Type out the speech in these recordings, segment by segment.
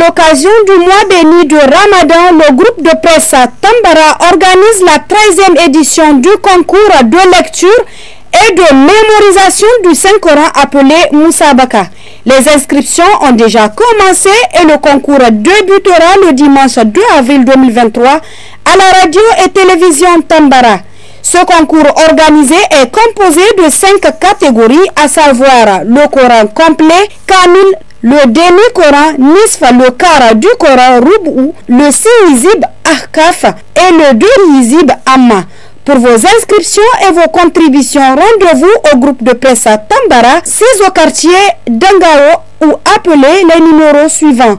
l'occasion du mois béni de Ramadan, le groupe de presse Tambara organise la 13e édition du concours de lecture et de mémorisation du Saint-Coran appelé Moussabaka. Les inscriptions ont déjà commencé et le concours débutera le dimanche 2 avril 2023 à la radio et télévision Tambara. Ce concours organisé est composé de cinq catégories, à savoir le Coran complet, Kamil, le demi-Coran, Nisf, le Kara du Coran, Rubou, le Sinizib Ahkaf et le Denizib Amma. Pour vos inscriptions et vos contributions, rendez-vous au groupe de presse à Tambara, 6 au quartier d'Angao ou appelez les numéros suivants.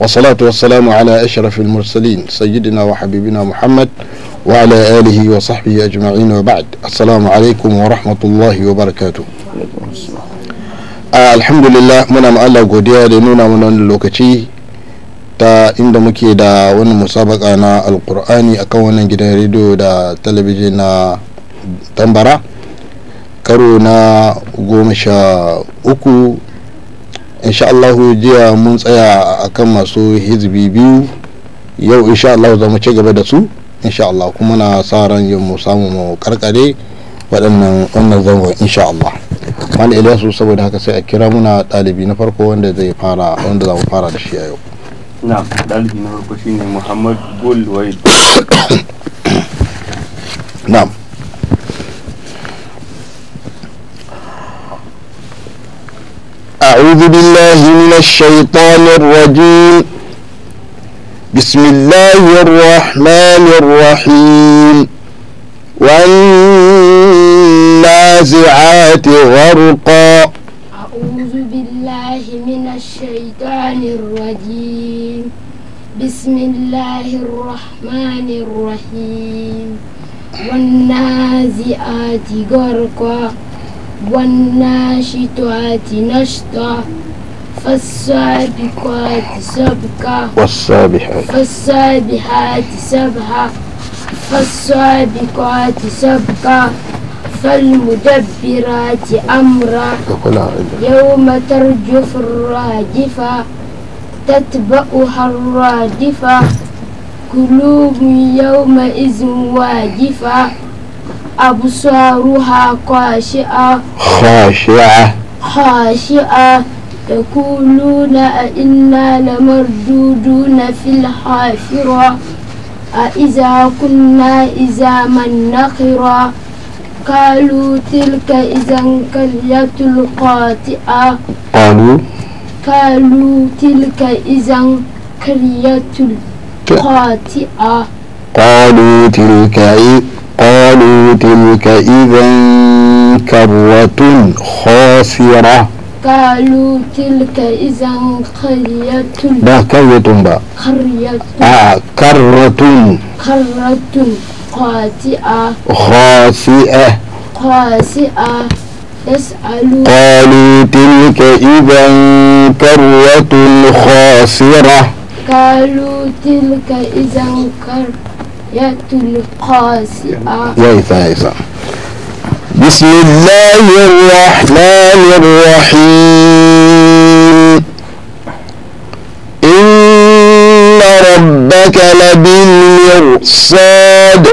والصلاة والسلام على أشرف المرسلين سيدنا وحبيبنا محمد وعلى آله وصحبه أجمعين وبعد السلام عليكم ورحمة الله وبركاته alhamdulillah muna Allah godiya da nuna mana wani lokaci ta inda muke da wani musabaka na alkur'ani akan wannan gidan rediyo da talabijin na tambara karo na goma sha uku insha allahu jiya mun tsaya a kan masu hizbi biyu yau insha allahu zama ce ci gaba da su insha kuma na sa ran yin mu samu mu karkare waɗannan wannan zangon insha allah mali ilyasu saboda haka sai a kira muna ɗalibi na farko wanda zai fara wanda za mu fara da shi a yau na ɗalibi na farko shine muhammad gul wa'id na'am أعوذ بالله من الشيطان الرجيم بسم الله الرحمن الرحيم والنازعات غرقا أعوذ بالله من الشيطان الرجيم بسم الله الرحمن الرحيم والنازعات غرقا والناشطات نشطة فالسابقات سبقة والسابحات فالسابحات سبها فالسابقات سبقة فالمدبرات أمرا يوم ترجف الراجفة تتبعها الرادفة قلوب يومئذ واجفة أبصارها خاشعة خاشعة خاشعة يقولون أئنا لمردودون في الحافرة أإذا كنا إذا من نخرة قالوا تلك إذا قرية القاطئة قالوا قالوا تلك إذا قرية القاطئة قالوا تلك قالوا تلك إذا كرة خاسرة قالوا تلك إذا قرية لا قرية با قرية آه كرة كرة خاطئة خاسئة خاسئة يسأل قالوا تلك إذا كرة خاسرة قالوا تلك إذا كرة يأتي القاسية بسم الله الرحمن الرحيم إن ربك لبالمرصاد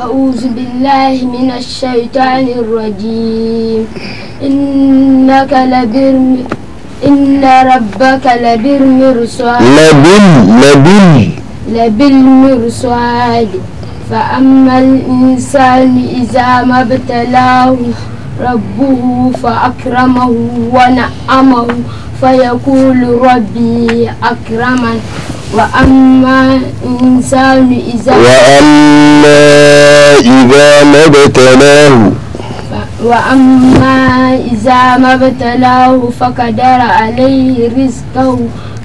أعوذ بالله من الشيطان الرجيم إنك لبر إن ربك لبالمرصاد لبل لبل لبالمرصاد فأما الإنسان إذا ما ابتلاه ربه فأكرمه ونعمه فيقول ربي أكرمن وأما الإنسان إذا وأما إذا ما ابتلاه وأما إذا ما ابتلاه فقدر عليه رزقه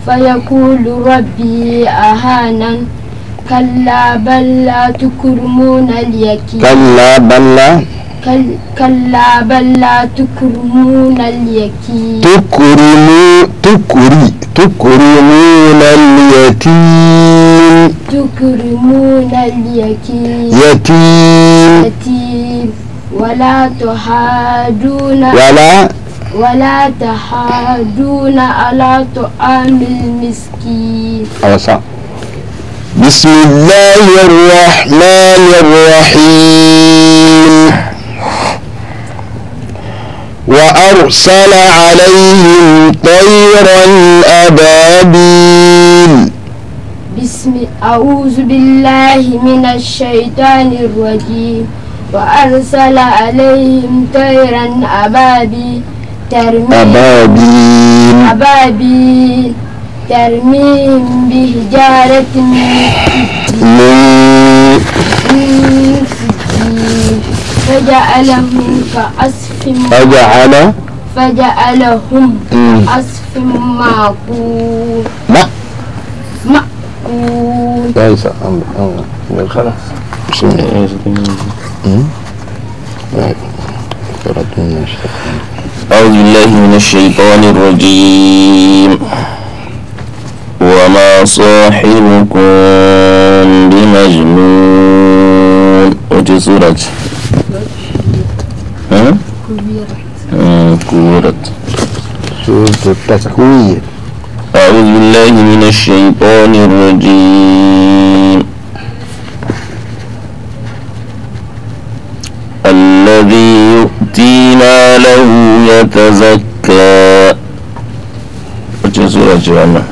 فيقول ربي أهانا كلا بل لا تكرمون اليتيم كلا بل لا كلا بل لا تكرمون اليتيم تكرمون تكري تكرمون اليتيم تكرمون اليتيم يتيم يتيم ولا تحادون ولا ولا تحاجون على طعام المسكين أوسع. بسم الله الرحمن الرحيم وأرسل عليهم طيرا أبابيل بسم أعوذ بالله من الشيطان الرجيم وأرسل عليهم طيرا أبابيل ترميم أبابيل أبابيل ترميم بهجارة من فجعلهم كأصف فجعل فجعلهم كأصف معقول معقول يا عيسى خلاص بسم الله إيه، إيه، إيه. أعوذ بالله من الشيطان الرجيم وما صاحبكم بمجنون وجه سورة ها؟ آه، كورت سورة التكوير أعوذ بالله من الشيطان الرجيم يتزكى وجه سورة جوانا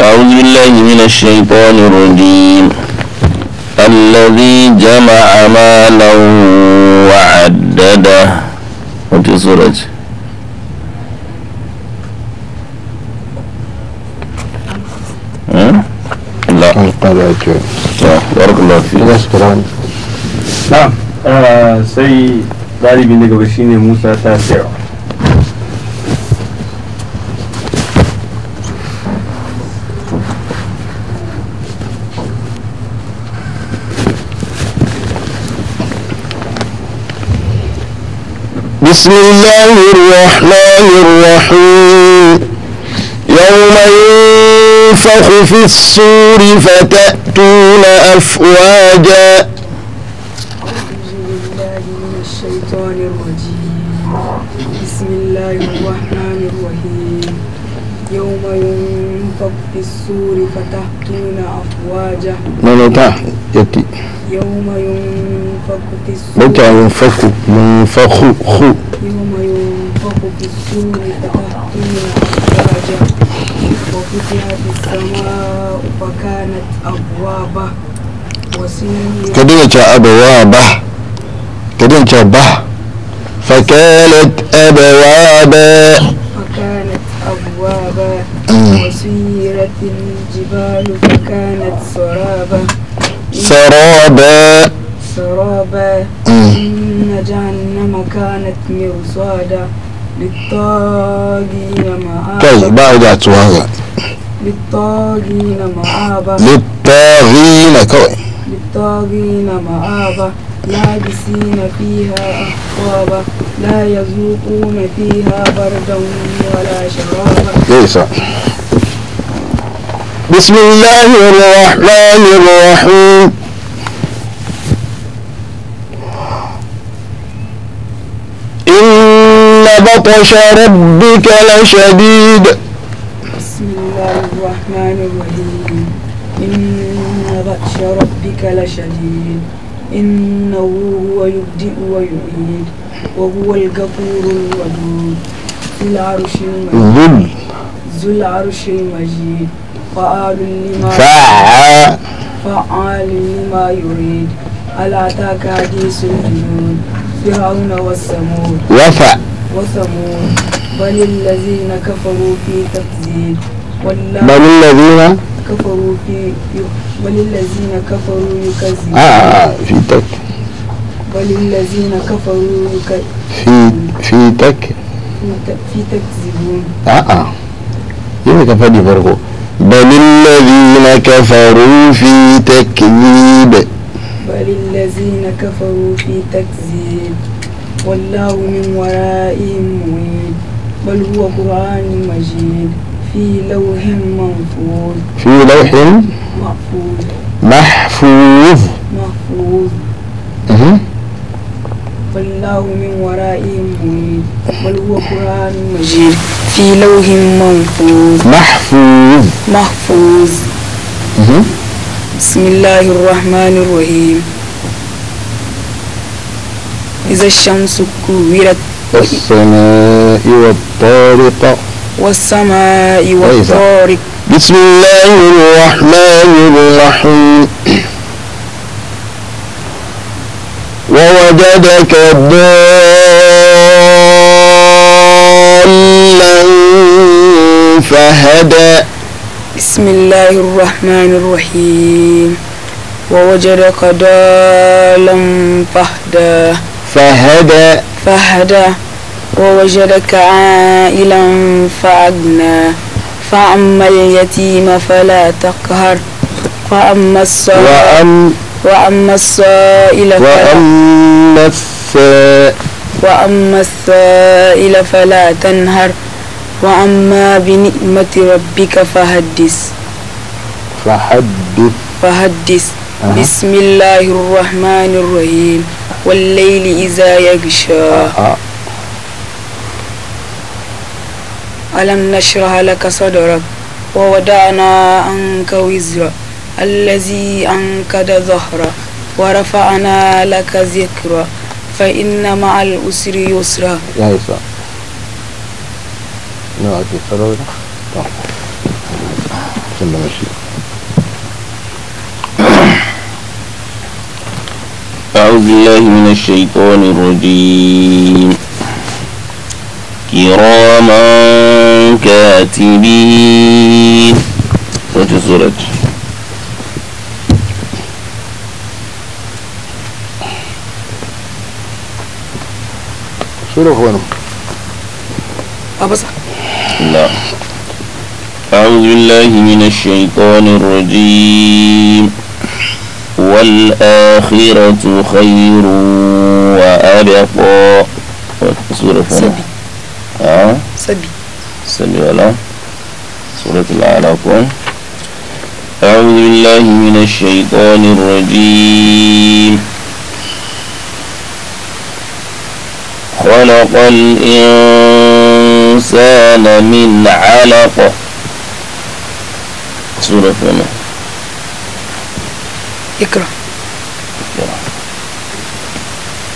أعوذ بالله من الشيطان الرجيم الذي جمع مالا وعدده وجه جوانا حياتهم نعم، بارك الله فيك شكرا نعم sai نعم، ɗalibi آه، بسم الله الرحمن الرحيم يوم ينفخ في الصور فتأتون أفواجا بسم الله الرحمن الرحيم يوم ينفخ في الصور فتأتون أفواجا ملتا يتي يوم ينفخ في السور. متى ينفخ ينفخ يوم ينفخ في السور فتأتون وفتحت فكانت أبوابا وسيرت أبوابا فكانت أبوابا فكانت أبوابا آه. وسيرت الجبال فكانت سرابا سرابا سرابا آه. إن جهنم كانت مرصادا للطاغين مآبا طيب بعد هذا للطاغين مآبا للطاغين كوي للطاغين مآبا لابسين فيها أحقابا لا يذوقون فيها بردا ولا شرابا بسم الله الرحمن الرحيم إن بطش ربك لشديد بسم الله الرحمن الرحيم إن بطش ربك لشديد إنه هو يبدئ ويعيد وهو الغفور الودود ذو العرش المجيد ذو العرش المجيد فعال لما فعال لما يريد ألا أتاك حديث الجنود فرعون والثمود وفع وثمود بل الذين كفروا في تكذيب bani lazina kafaru fi tak ah, ah, ah, fi wallahu min majid في لوح منفوض في لوح محفوظ محفوظ محفوظ أه. والله من ورائهم محيط بل هو قرآن مجيد في لوح منفوض محفوظ محفوظ أه. بسم الله الرحمن الرحيم إذا الشمس كورت والسماء والطارقه والسماء والطارق بسم الله الرحمن الرحيم ووجدك ضالا فهدى بسم الله الرحمن الرحيم ووجدك ضالا فهدى فهدى فهدى ووجدك عائلا فأغنى فأما اليتيم فلا تقهر وأما الصائل وأما الصائل وأما وأما السائل فلا تنهر وأما بنعمة ربك فحدث فحدث فحدث بسم الله الرحمن الرحيم والليل إذا يغشى ألم نشرح لك صدرك ووضعنا عنك وزرك الذي أنكد ظهرك ورفعنا لك ذكرك فإن مع الأسر يسرا يا يسرا نعطي صدرك ثم نمشي. أعوذ بالله من الشيطان الرجيم كراما كاتبين سورة الزرج شنو اخوانهم؟ اه بس لا أعوذ بالله من الشيطان الرجيم والآخرة خير وأبقى سورة فهم. سبي ها؟ آه؟ سبي على سورة العلاقون أعوذ بالله من الشيطان الرجيم خلق الإنسان من علق سورة فما اقرأ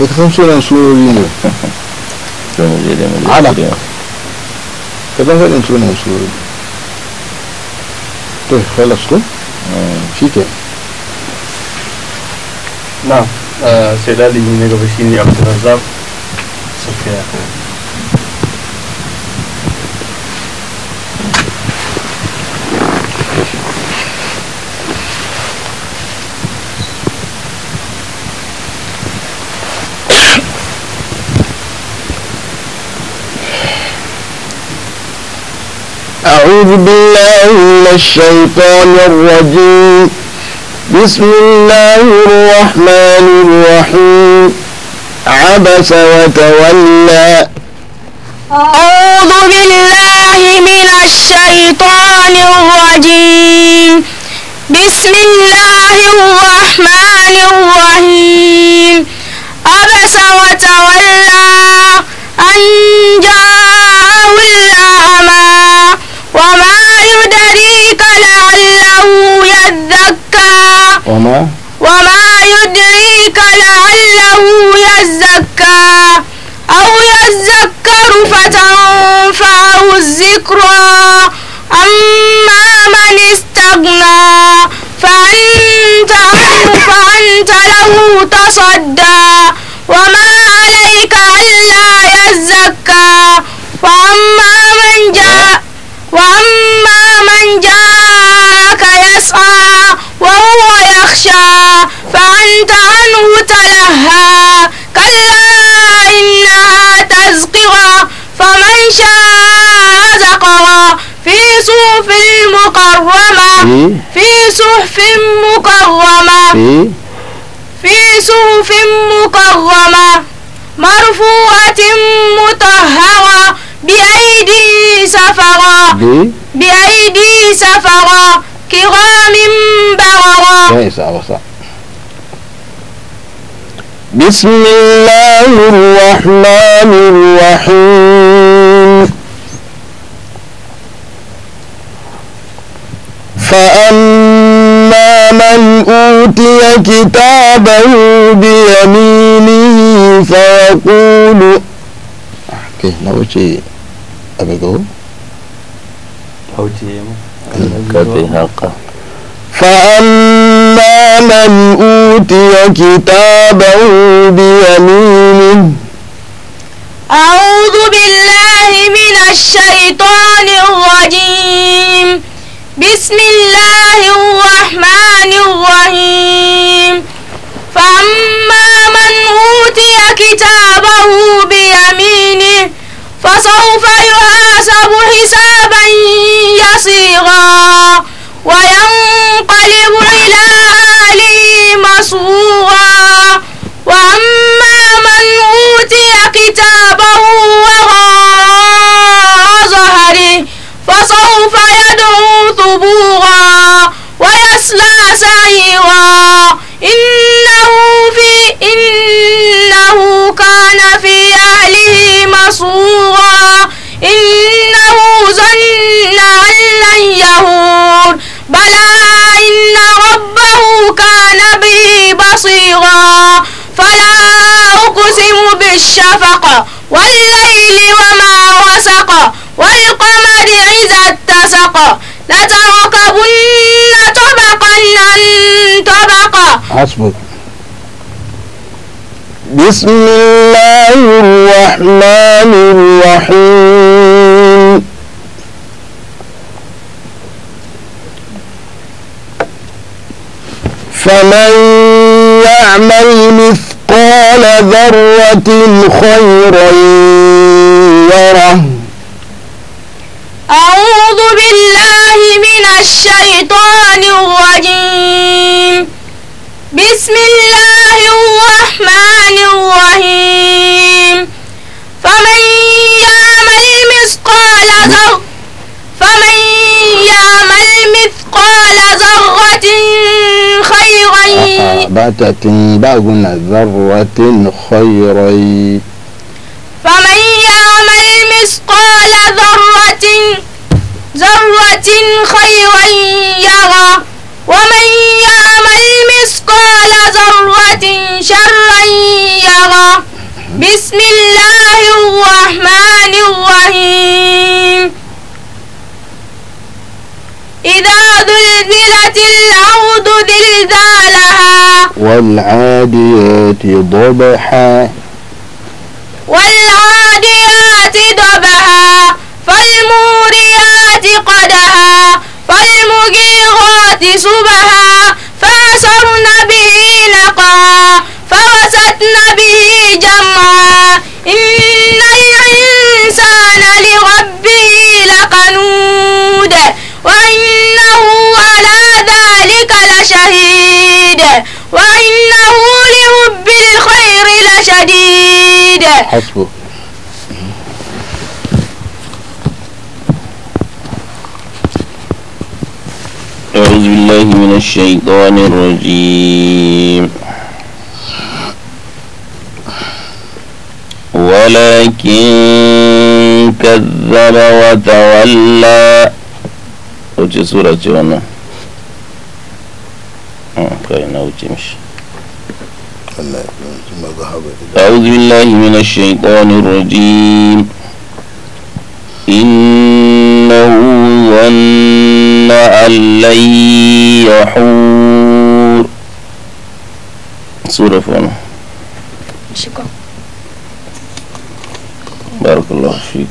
وتخمسون سورة علق wajen faɗin sunan su to halas ko shi ke na sai dalibin na gaba shine abdulrazzaq safiya أعوذ بالله من الشيطان الرجيم بسم الله الرحمن الرحيم عبس وتولى أعوذ بالله من الشيطان الرجيم بسم الله الرحمن الرحيم عبس وتولى أن جاءه وما وما يدريك لعله يزكى أو يذكر فتنفعه الذكرى أما من استغنى فأنت فأنت له تصدى وما عليك ألا يزكى وأما من جاء وأما من جاء تخشى فأنت عنه تلهى كلا إنها تزقرا فمن شاء زقرا في صحف مكرمة في صحف مكرمة في صحف مكرمة مرفوعة مطهرة بأيدي سفرة بأيدي سفرة كرام بسم الله الرحمن الرحيم فأما من أوتي كتابه بيمينه فيقول أحكي na أبي abigo? Kauce mu. Kauce فأما من أوتي كتابه بيمينه أعوذ بالله من الشيطان الرجيم بسم الله الرحمن الرحيم فأما من أوتي كتابه بيمينه فسوف يحاسب حسابا يسيرا وينقلب إلى أهله مسرورا وأما من أوتي كتابه وراء ظهره فسوف يدعو ثبورا ويصلى سعيرا إنه في إنه كان في أهله مسرورا إنه ظن أن لن يهور الشفق والليل وما وسق والقمر إذا اتسق لتركبن طبقا عن طبق حسبك بسم الله الرحمن الرحيم ذرة خيرا يره تتبعن ذرة خيرا فمن يعمل مثقال ذرة ذرة خيرا يرى ومن يعمل مثقال ذرة شرا يرى بسم الله الرحمن الرحيم إذا زلزلت الأرض زلزالها والعاديات ضبحا والعاديات ضبحا فالموريات قدها فالمجيغات صبحا فأسرن به لقا فوسطن به جمعا إن الإنسان لربه لقنود وإنه على ذلك لشهيد إنه لحب الخير لشديد حسبه أعوذ بالله من الشيطان الرجيم ولكن كذب وتولى وجه سورة جوانا اه بقينا وجه مش أعوذ بالله من الشيطان الرجيم إنه ظن أن لن يحور سورة فانا بارك الله فيك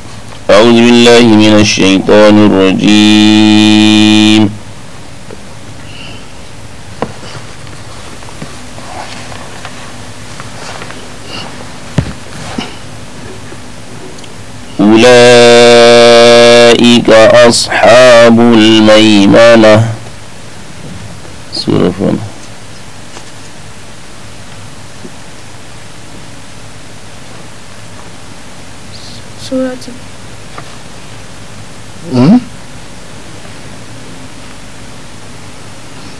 أعوذ بالله من الشيطان الرجيم وأصحاب الميمنة سورة فن سورة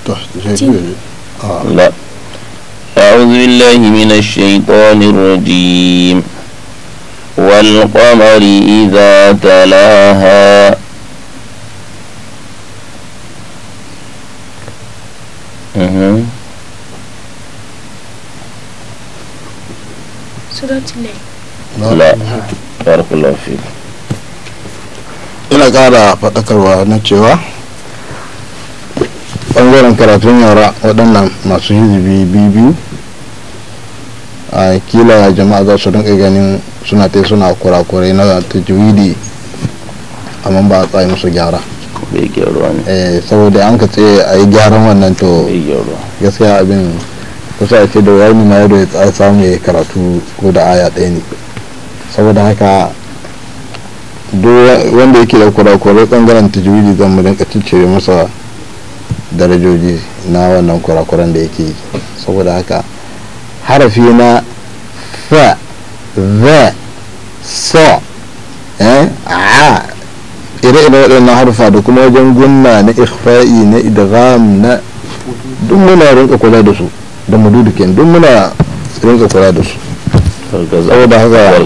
تحت آه. لا أعوذ بالله من الشيطان الرجيم والقمر إذا تلاها kara faɗakarwa na cewa ɓangaren karatun yara waɗannan masu hizibi biyu a kila jama'a za su rinka ganin suna ta suna kurakurai na tajwidi amma ba a tsaye musu gyara eh, saboda an ka ce a yi gyaran wannan to gaskiya abin kusa a ce da wani ma yadda ya samu ya karatu ko da aya ɗaya ne saboda haka duk wanda yake da kurakurai bangaren tajwidi zan mu rinka cicire masa darajoji na wannan kurakuran da yake saboda haka harafi na fa the so eh a ire-ire waɗannan harfa da kuma wajen gunna na ikhfa'i na idgham na duk muna rinka kula da su da mududu ken duk muna rinka kula da su saboda haka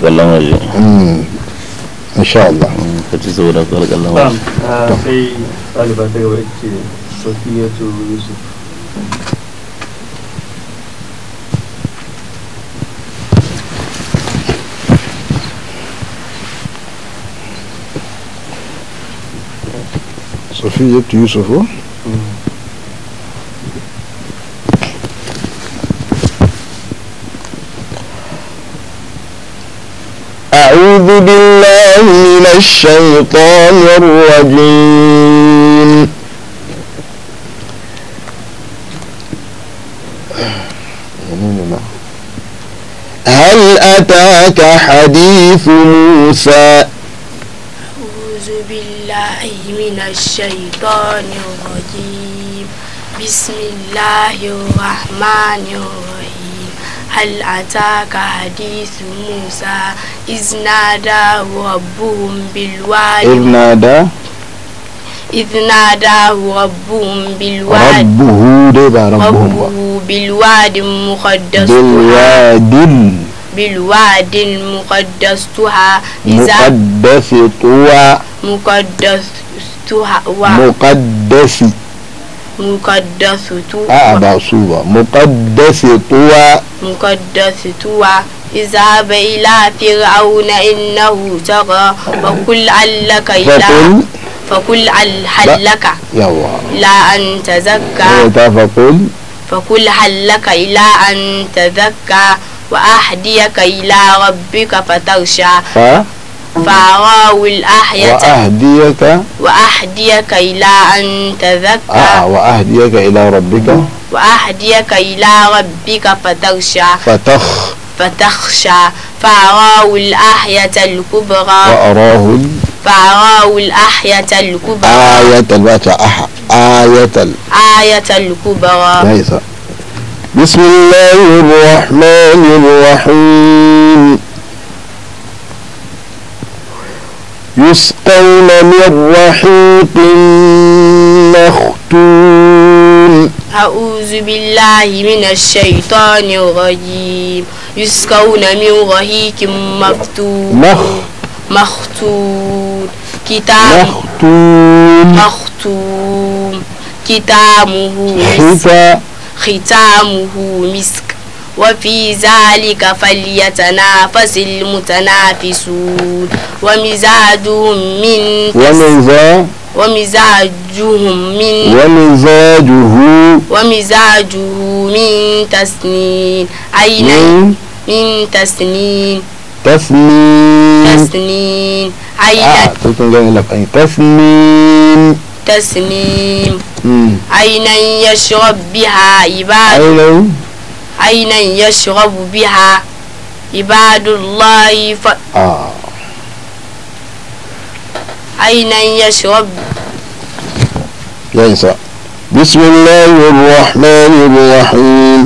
ان شاء الله فجزاه الله خير الله نعم آه، في طالبة وإنت صفية يوسف صفية يوسف أعوذ بالله من الشيطان الرجيم هل أتاك حديث موسى أعوذ بالله من الشيطان الرجيم بسم الله الرحمن الرحيم هل أتاك حديث موسى إذ ناداه ربهم بالوادي إذ نادى إذ ناداه ربهم بالوادي ربه دبا ربهم ربه بالوادي المقدس بالوادي بالوادي المقدس تها مقدس توها مقدس توها مقدس مقدستو آه با صوبة مقدستو اذهب إلى فرعون إنه تغى فقل علك إلى فقل هل لك لا أن تزكى فقل فقل هل لك إلى أن تزكى وأهديك إلى ربك فترشى فأراو الأحية وأهديك وأهديك إلى أن تذكر آه وأهديك إلى ربك وأهديك إلى ربك فتخشى فتخ فتخشى فأراه الأحية الكبرى وأراه فأراه الأحية الكبرى آية الواتع أح آية ال... آية الكبرى ليس بسم الله الرحمن الرحيم يسقون من رحيق مختوم أعوذ بالله من الشيطان الرجيم يسقون من رحيق مختوم مخ مختوم كتاب مختوم مختوم كتابه ختامه مسك وفي ذلك فليتنافس المتنافسون ومزاجهم من ومزاج ومزاجهم من ومزاجه ومزاجه من تسنيم أين من, من تسنيم تسنيم تسنيم أين آه. تسنيم تسنيم أين يشرب بها عباد عينا يشرب بها عباد الله ف... آه. عينا يشرب ينسى بسم الله الرحمن الرحيم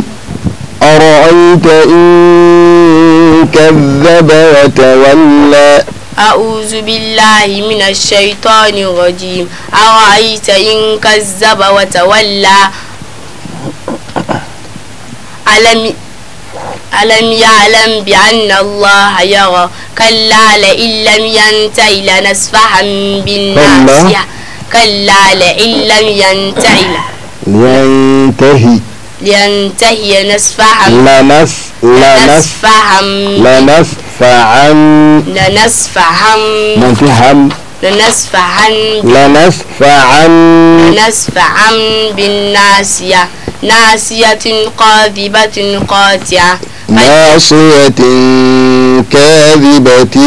أرأيت إن كذب وتولى أعوذ بالله من الشيطان الرجيم أرأيت إن كذب وتولى ألم ألم يعلم بأن الله يرى كلا لئن لم ينتهي لنسفعا بالناصية كلا لئن لم ينتهي لينتهي لينتهي نسفعا لنس لنسفعا لنسفعا لنسفعا منتهى لنسفعا لنسفعا لنسفعا بالناصية ناصية قاذبة قاطعة ناصية كاذبة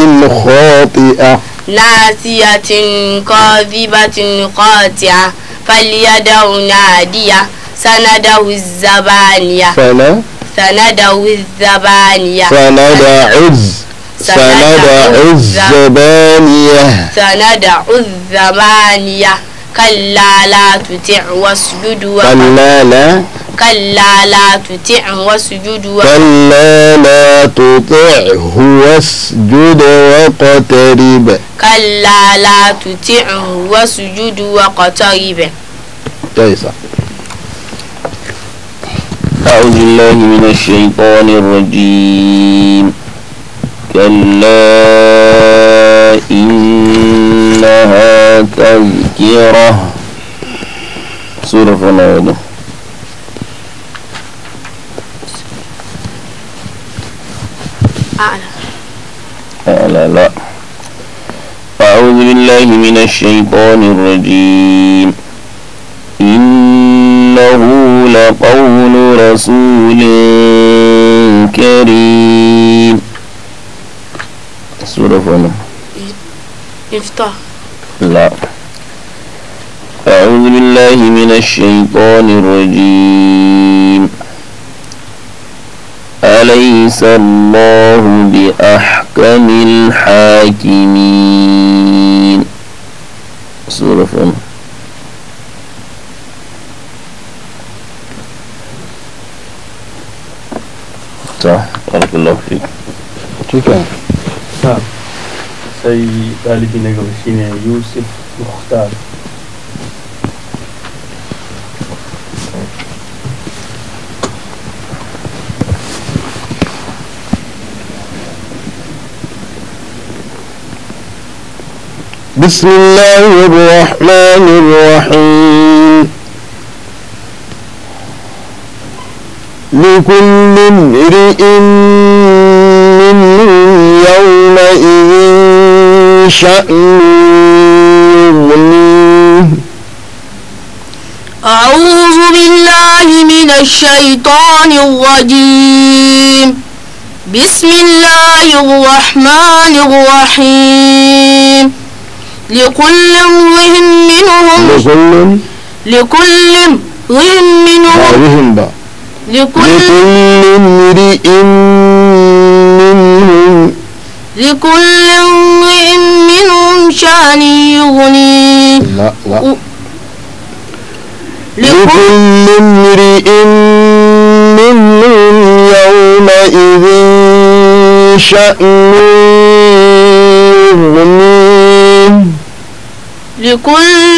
خاطئة ناصية كاذبة قاطعة فليدع نادية سنده الزبانية فلا سنده الزبانية سندع الز سندع الزبانية سندع الزبانية كلا لا تطع واسجد كلا لا كلا لا تطع واسجد كلا لا تطعه واسجد واقترب كلا لا تطعه واسجد واقترب جيسا أعوذ بالله من الشيطان الرجيم كلا إنها تذكرة سورة فنوضة أعلى أعلى لا أعوذ بالله من الشيطان الرجيم إنه لقول رسول كريم سورة فنوضة افتح لا أعوذ بالله من الشيطان الرجيم أليس الله بأحكم الحاكمين سورة فهم صح بارك الله فيك شكرا أي طالب نجم يوسف مختار بسم الله الرحمن الرحيم لكل امرئ شأن أعوذ بالله من الشيطان الرجيم بسم الله الرحمن الرحيم لكل امرئ منهم لكل امرئ منهم لكل امرئ لكل امرئ منهم شأن يغني لا لا لكل امرئ منهم يومئذ شأن يغني لكل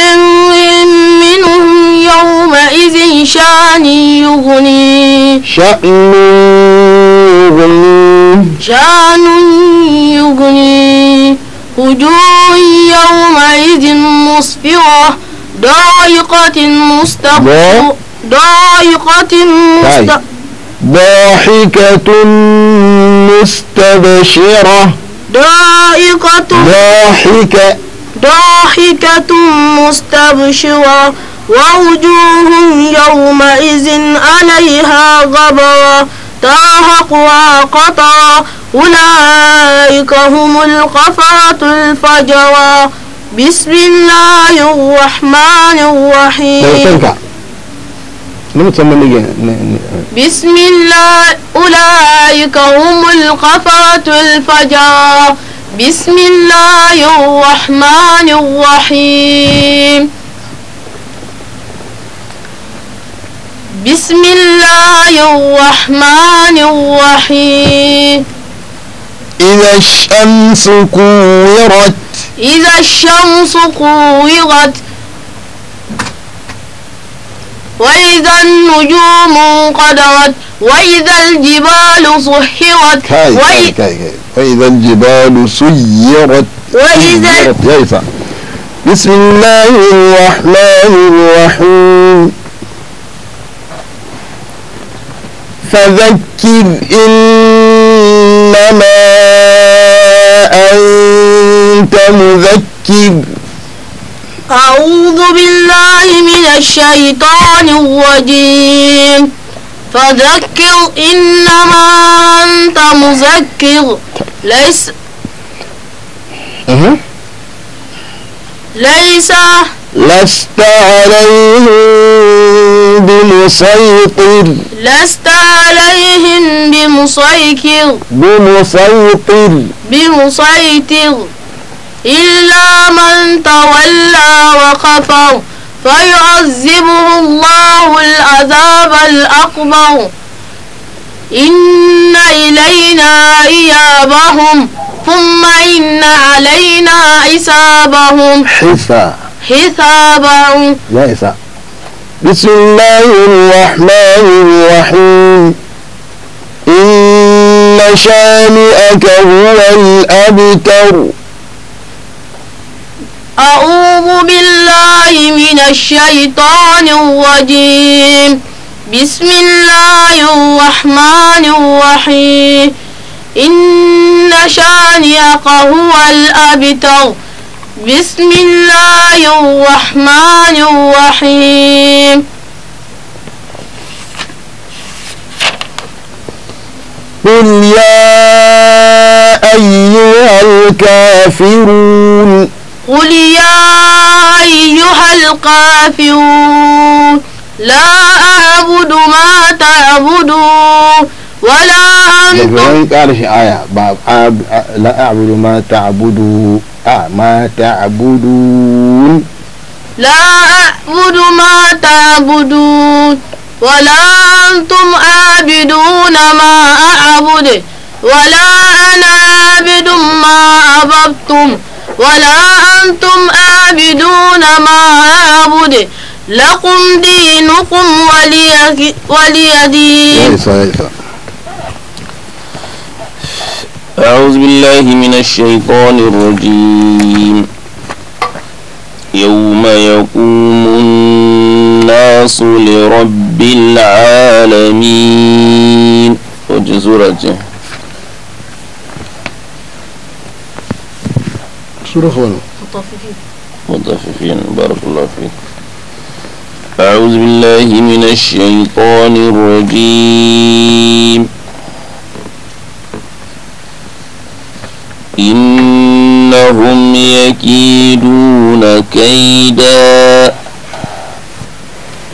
منهم يومئذ شأن يغني شأن يغني شأن يغني وجوه يومئذ مصفرة ضايقة مستقرة ضايقة مستقر طيب. ضاحكة مستبشرة ضاحكة ضاحكة ضاحكة مستبشرة ووجوه يومئذ عليها غبرة ترهقها قطرة أولئك هم القفرة الفجرة بسم الله الرحمن الرحيم بسم الله أولئك هم القفرة الفجرة بسم الله الرحمن الرحيم بسم الله الرحمن الرحيم إذا الشمس كورت إذا الشمس كورت وإذا النجوم قدرت وإذا الجبال سحرت كاي كاي كاي كاي وإذا الجبال سيرت وإذا كيف بسم الله الرحمن الرحيم فذكر إنما أنت مذكر أعوذ بالله من الشيطان الرجيم فذكر إنما أنت مذكر ليس ليس لست عليهم بمسيطر لست عليهم بمسيطر بمسيطر بمسيطر إلا من تولى وخفر فيعذبه الله العذاب الأكبر إن إلينا إيابهم ثم إن علينا حسابهم حساب حسابهم لا إساء بسم الله الرحمن الرحيم إن شانئك هو الأبتر أعوذ بالله من الشيطان الرجيم بسم الله الرحمن الرحيم إن شانئك هو الأبتر بسم الله الرحمن الرحيم قل يا أيها الكافرون قل يا أيها الكافرون لا أعبد ما تعبدون ولا أنتم آية. لا أعبد ما تعبدون آه ما تعبدون لا أعبد ما تعبدون ولا أنتم عابدون ما أعبد ولا أنا عابد ما عبدتم ولا أنتم عابدون ما أعبد لكم دينكم ولي دين أعوذ بالله من الشيطان الرجيم يوم يقوم الناس لرب العالمين وجزورة سورة خوانو مطففين مطففين بارك الله فيك أعوذ بالله من الشيطان الرجيم إنهم يكيدون كيدا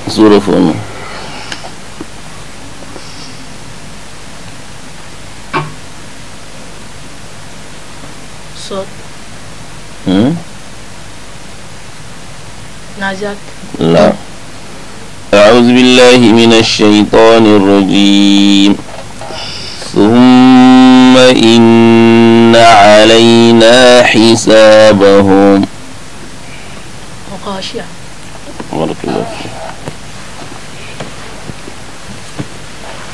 سورة فانو Hmm? لا أعوذ بالله من الشيطان الرجيم ثم إن علينا حسابهم وقاشع بارك الله فيك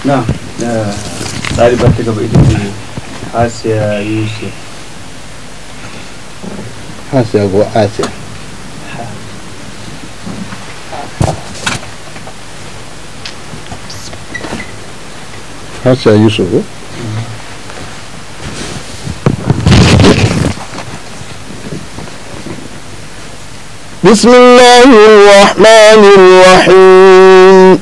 نعم طالبة تقبل آسيا يوسف حاسق وآتح حاسق يوسف بسم الله الرحمن الرحيم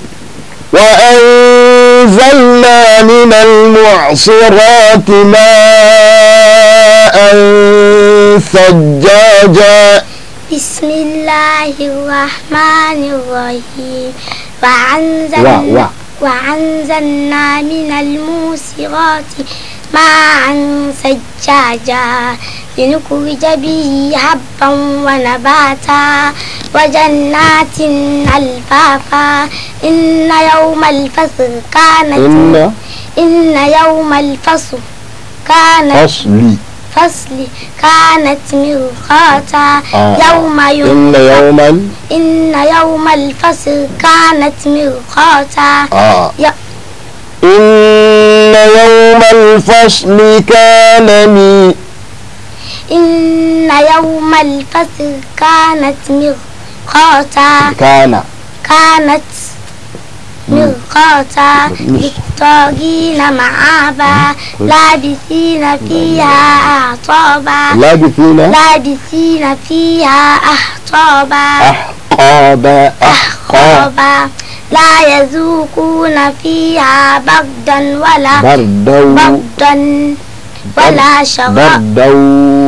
وأنزلنا من المعصرات ماء ماء بسم الله الرحمن الرحيم وعنزلنا, و و وعنزلنا من الموسرات ماء سجاجا لنخرج به حبا ونباتا وجنات ألفافا إن يوم الفصل كانت إن, إن يوم الفصل كانت فصلي الفصل كانت ميقاتا آه. يوم يوم إن يوما إن يوم الفصل كانت ميقاتا آه. إن يوم الفصل كان مي إن يوم الفصل كانت ميقاتا كان كانت مرقاتا للطاجين معابا لابسين فيها أحطابا لابسين لابسين فيها أحطابا أحقابا أحقابا لا يذوقون فيها بردا ولا بردا ولا شرابا بردا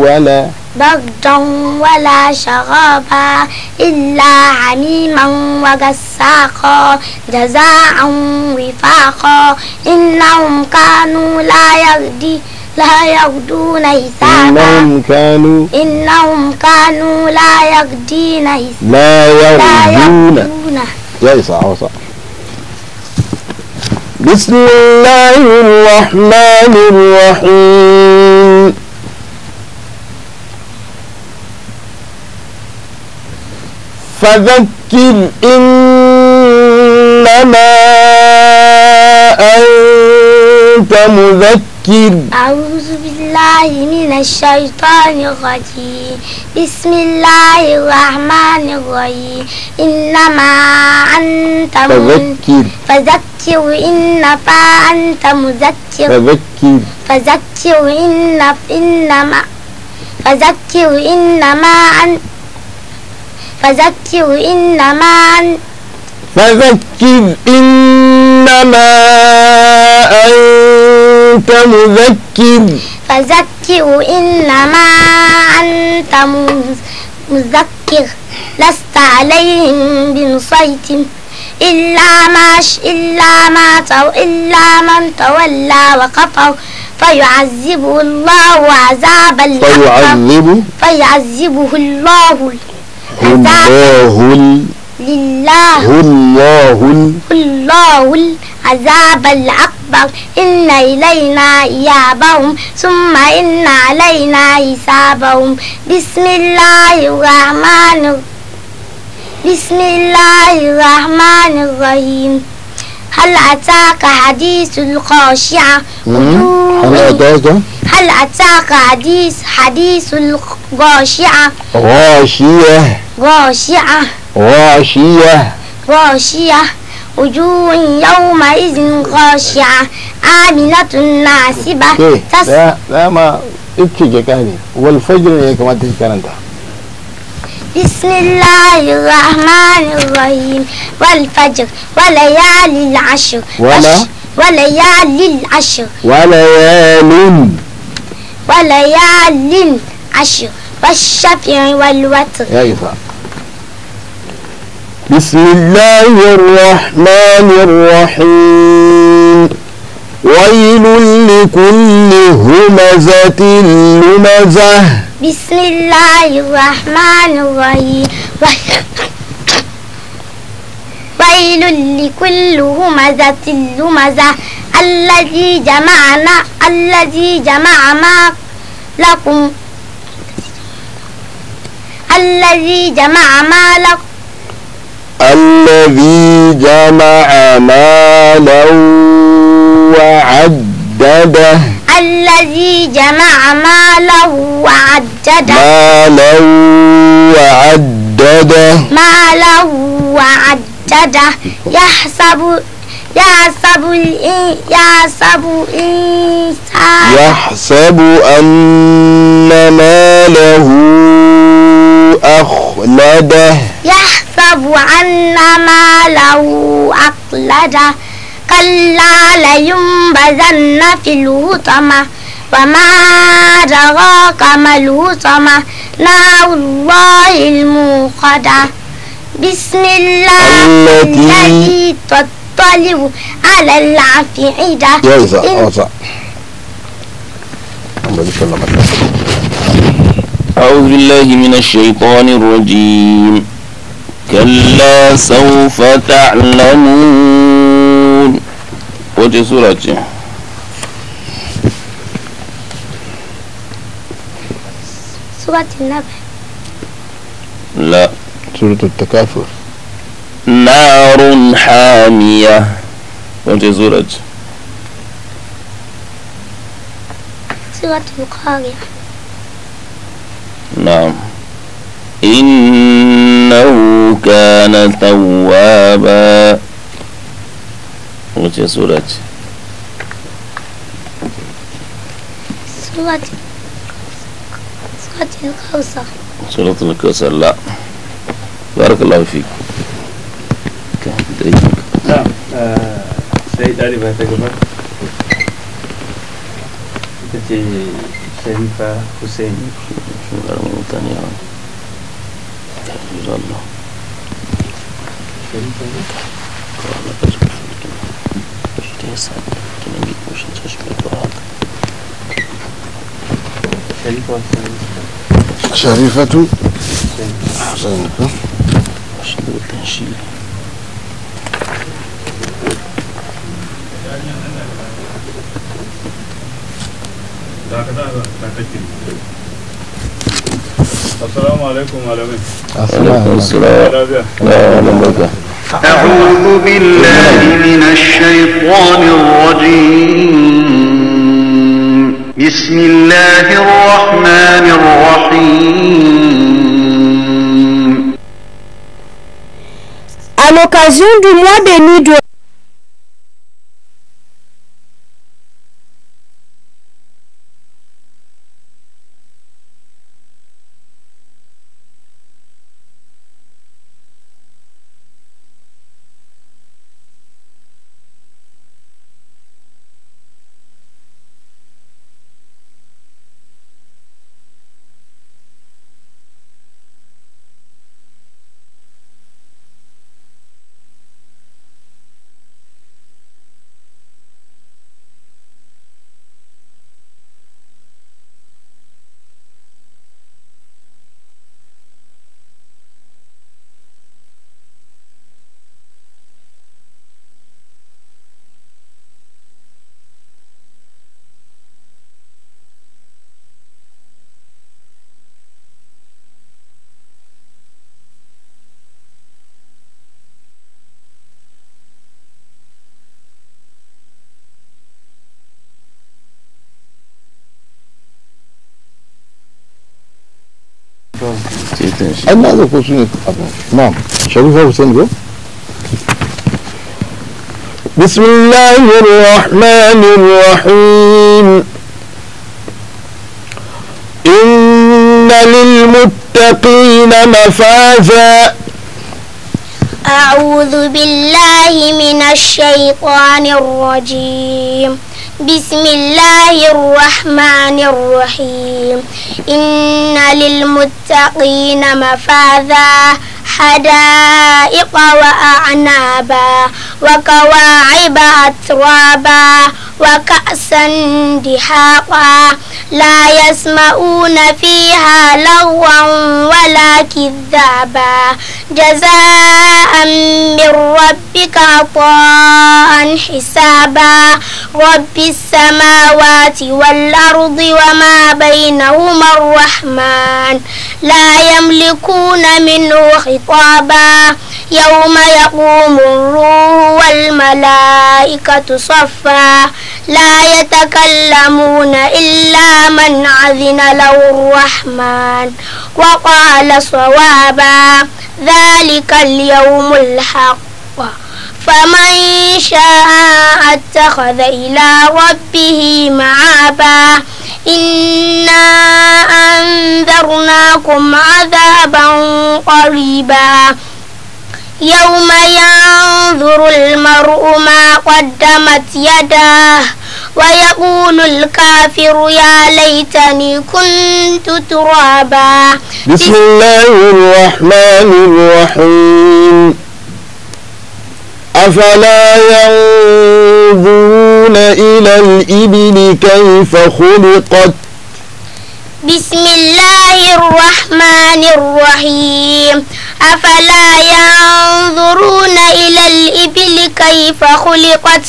ولا ضجا ولا شغابا إلا عميما وغساقا جزاء وفاقا إنهم كانوا لا يغدي لا يغدون حسابا إنهم كانوا إنهم كانوا لا يغدين حسابا لا يغدون يا صح صح بسم الله الرحمن الرحيم فذكر إنما أنت مذكر أعوذ بالله من الشيطان الرجيم بسم الله الرحمن الرحيم إنما أنت مذكر فذكر إنما أنت مذكر فذكر فذكر إنما فذكر إنما أنت فذكر إنما أنت فذكر إنما أنت مذكر فذكر إنما أنت مذكر لست عليهم بنصيت إلا ما إلا ما إلا من تولى وكفر فيعذبه الله عذابا فيعذبه فيعذبه الله الله لله الله الله العذاب الأكبر إن إلينا إيابهم ثم إن علينا حسابهم بسم الله الرحمن بسم الله الرحمن الرحيم هل أتاك حديث الخاشعة هل أتاك هل أتاك حديث حديث الخاشعة غاشية غاشية غاشية غاشية وجوه يومئذ غاشية عاملة ناسبة تس لا لا ما ابتجي كاني والفجر هي كما تذكرنت بسم الله الرحمن الرحيم والفجر وليالي العشر ولا وليالي العشر وليالي وليالي العشر والشفيع والوتر كيف بسم الله الرحمن الرحيم ويل لكل همزة لمزة بسم الله الرحمن الرحيم ويل لكل همزة لمزة الذي جمعنا الذي جمع ما لكم الذي جمع مالك الذي جمع مالا وعدده الذي جمع مالا وعدده مالا وعدده مالا وعدده يحسب يحسب يحسب الإنسان يحسب أن ماله أخلده يحسب أن له أقلده كلا لينبذن في الهطمة وما أدراك ما الهطمة نار الله الموقدة بسم الله الذي تطلع على العفيدة يا إذا يسلمك أعوذ بالله من الشيطان الرجيم كلا سوف تعلمون وجه سورة سورة النبع لا سورة التكاثر نار حامية وجه سورة سورة القارعة نعم إنه كان توابا وجه سورة سورة سورة الكوثر سورة الكوثر لا بارك الله فيك نعم آه، سيد علي بهتجبر شريفة حسين القرن الثاني عام الله شريفة شريفة السلام عليكم وعليكم السلام ورحمه السلام أعوذ بالله من الشيطان الرجيم بسم الله الرحمن الرحيم À l'occasion du mois béni de بسم الله الرحمن الرحيم إن للمتقين مفازا أعوذ بالله من الشيطان الرجيم بسم الله الرحمن الرحيم إن للمتقين مفازا حدائق وأعنابا وكواعب أترابا وكأسا دحاقا لا يسمعون فيها لغوا ولا كذابا جزاء من ربك عطاء حسابا رب السماوات والأرض وما بينهما الرحمن لا يملكون منه خطابا يوم يقوم الروح والملائكة صفا لا يتكلمون إلا من عذن له الرحمن وقال صوابا ذلك اليوم الحق فمن شاء اتخذ إلى ربه معابا إنا أنذرناكم عذابا قريبا يوم ينظر المرء ما قدمت يداه ويقول الكافر يا ليتني كنت ترابا بسم الله الرحمن الرحيم أفلا ينظرون إلى الإبل كيف خلقت بسم الله الرحمن الرحيم أفلا ينظرون إلى الإبل كيف خلقت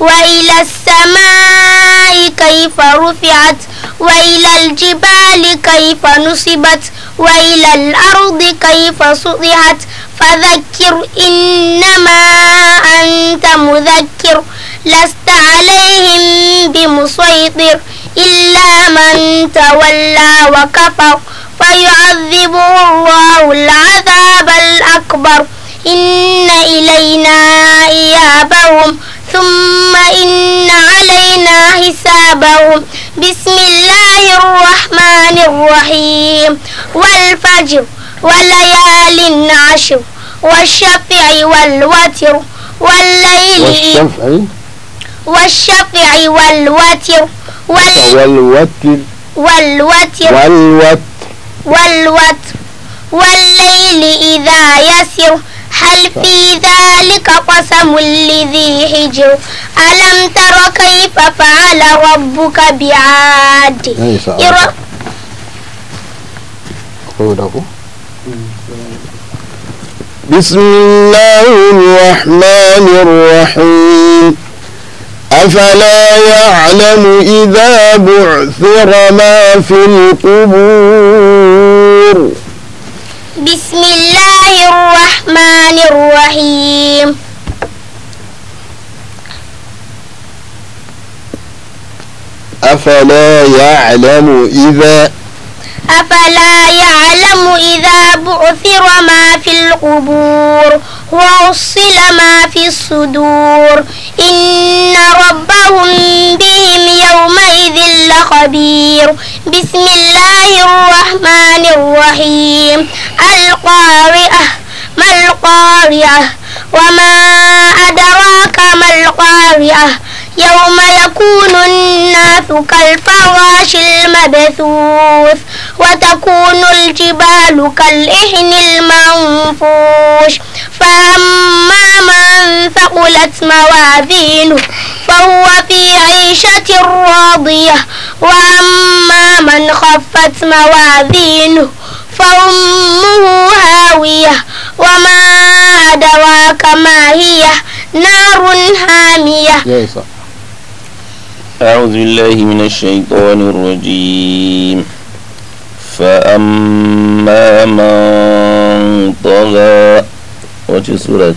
وإلى السماء كيف رفعت وإلى الجبال كيف نصبت وإلى الأرض كيف سطحت فذكر إنما أنت مذكر لست عليهم بمسيطر إلا من تولى وكفر فيعذبه الله العذاب الأكبر إن إلينا إيابهم ثم إن علينا حسابهم بسم الله الرحمن الرحيم والفجر وليال عشر والشفع والوتر والليل والشفع والشفع والوتر وال والوتر والوتر والوتر والوتر والليل إذا يسر هل في ذلك قسم لذي حجر ألم تر كيف فعل ربك بعاد نعم، بسم الله الرحمن الرحيم أفلا يعلم إذا بعثر ما في القبور بسم الله الرحمن الرحيم أفلا يعلم إذا أفلا يعلم إذا بعثر ما في القبور وحصل ما في الصدور إن ربهم بهم يومئذ لخبير بسم الله الرحمن الرحيم القارئة ما القارئة وما أدراك ما القارئة يوم يكون الناس كالفراش المبثوث وتكون الجبال كالإهن المنفوش فأما من ثقلت موازينه فهو في عيشة راضية وأما من خفت موازينه فأمه هاوية وما أدراك ما هي نار هامية أعوذ بالله من الشيطان الرجيم فأما من طغى وجه سورة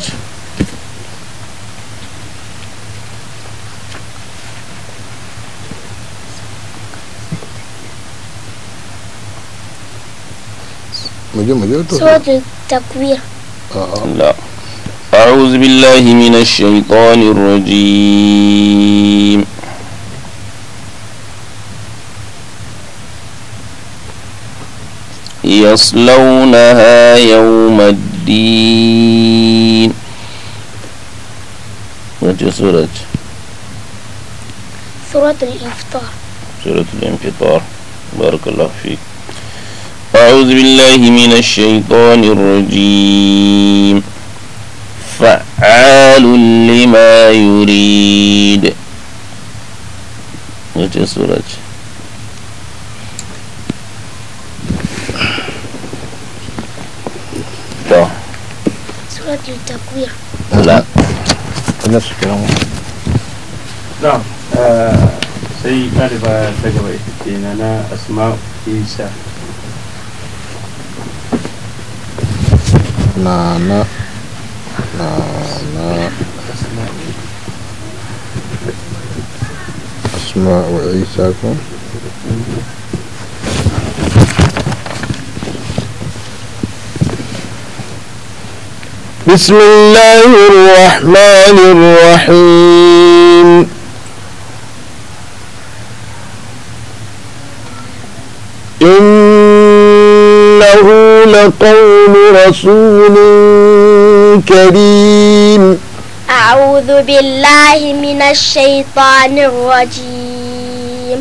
سورة التكوير لا أعوذ بالله من الشيطان الرجيم يصلونها يوم الدين وانت سورة سورة الانفطار سورة الانفطار بارك الله فيك أعوذ بالله من الشيطان الرجيم فعال لما يريد وجه سورة نعم. اه سورة التكوير لا نفس الكلام نعم سي طالب تجربة الدين أنا أسماء عيسى نانا نانا أسماء وعيسى كون بسم الله الرحمن الرحيم إنه لقول رسول كريم أعوذ بالله من الشيطان الرجيم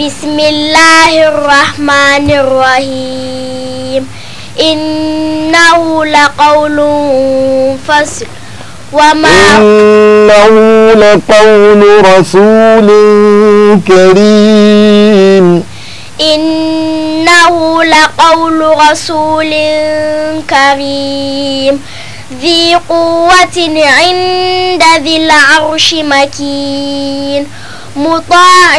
بسم الله الرحمن الرحيم إنه لقول فصل وما إنه لقول رسول كريم إنه لقول رسول كريم ذي قوة عند ذي العرش مكين مطاع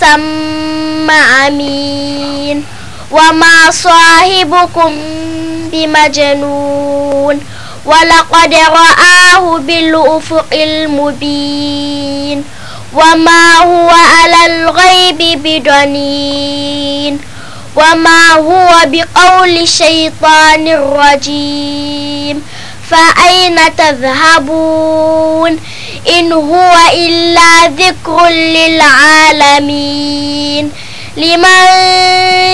ثم أمين وما صاحبكم بمجنون ولقد رآه بالأفق المبين وما هو على الغيب بدنين وما هو بقول شيطان الرجيم فأين تذهبون إن هو إلا ذكر للعالمين لمن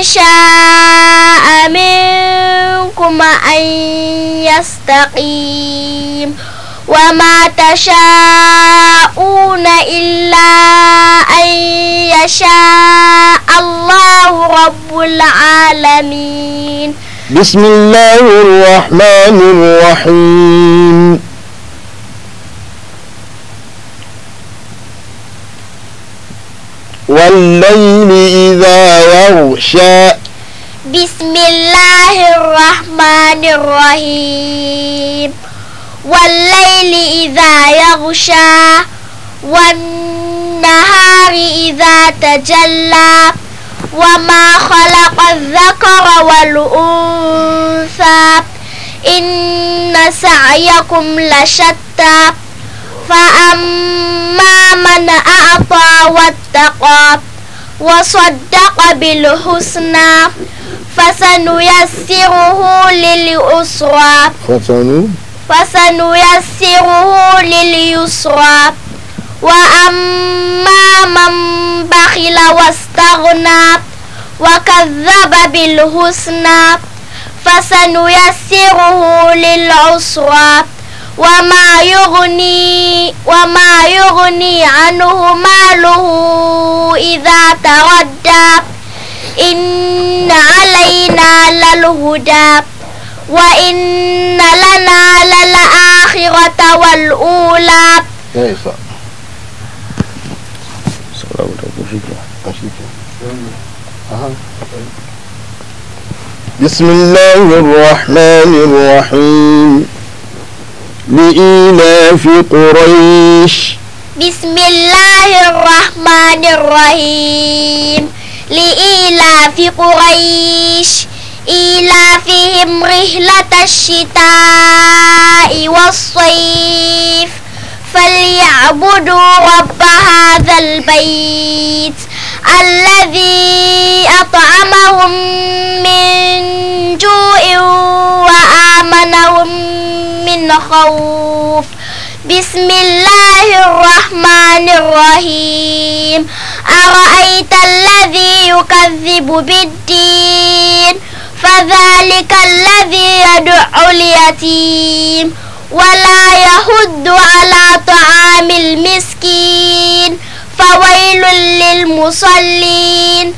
شاء منكم أن يستقيم وما تشاءون إلا أن يشاء الله رب العالمين بسم الله الرحمن الرحيم والليل إذا يغشى بسم الله الرحمن الرحيم والليل إذا يغشى والنهار إذا تجلى وما خلق الذكر والأنثى إن سعيكم لشتى فأما من أعطى واتقى وصدق بالحسنى فسنيسره لليسرى فسنيسره لليسرى وأما من بخل واستغنى وكذب بالحسنى فسنيسره للعسرى وما يغني وما يغني عنه ماله إذا تردى إن علينا للهدى وإن لنا للآخرة والأولى كيف بسم الله الرحمن الرحيم لإيلاف قريش بسم الله الرحمن الرحيم لإيلاف قريش إيلافهم رحلة الشتاء والصيف فليعبدوا رب هذا البيت الذي أطعمهم من جوع وآمنهم من خوف بسم الله الرحمن الرحيم أرأيت الذي يكذب بالدين فذلك الذي يدع اليتيم ولا يهد على طعام المسكين فويل للمصلين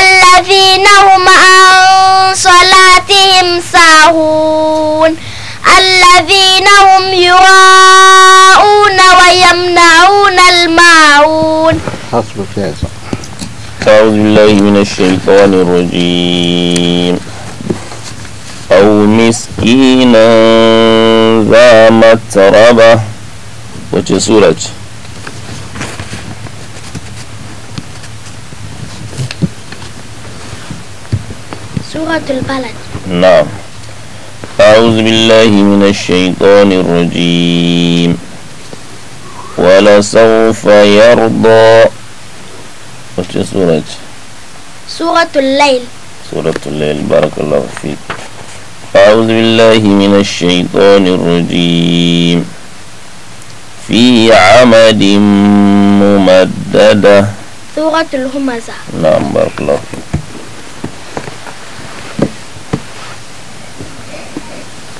الذين هم عن صلاتهم ساهون الذين هم يراءون ويمنعون الماعون حسبك يا أعوذ بالله من الشيطان الرجيم أو مسكينا ذا متربة وجه سورة سورة البلد نعم أعوذ بالله من الشيطان الرجيم ولسوف يرضى وش سورة سورة الليل سورة الليل بارك الله فيك أعوذ بالله من الشيطان الرجيم في عمد ممددة سورة الهمزة نعم بارك الله فيك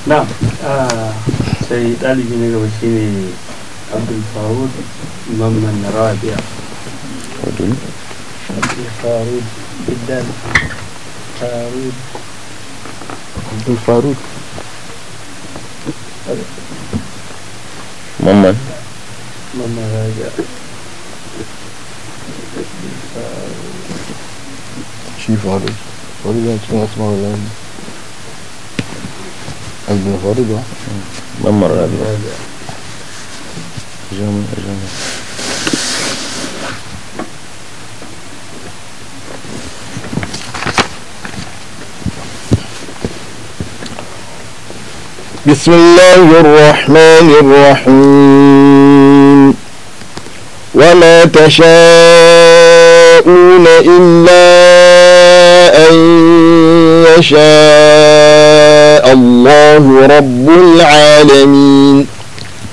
na sai ɗalibi na gaba shine abdul farud mamman rabia abdul farud bidan farud abdul farud mamman mamman rabia shi farud wani yankin asma'ul lamu أبدو خارجة ما مرة قبل جامل جامل بسم الله الرحمن الرحيم وما تشاءون إلا أن يشاء الله رب العالمين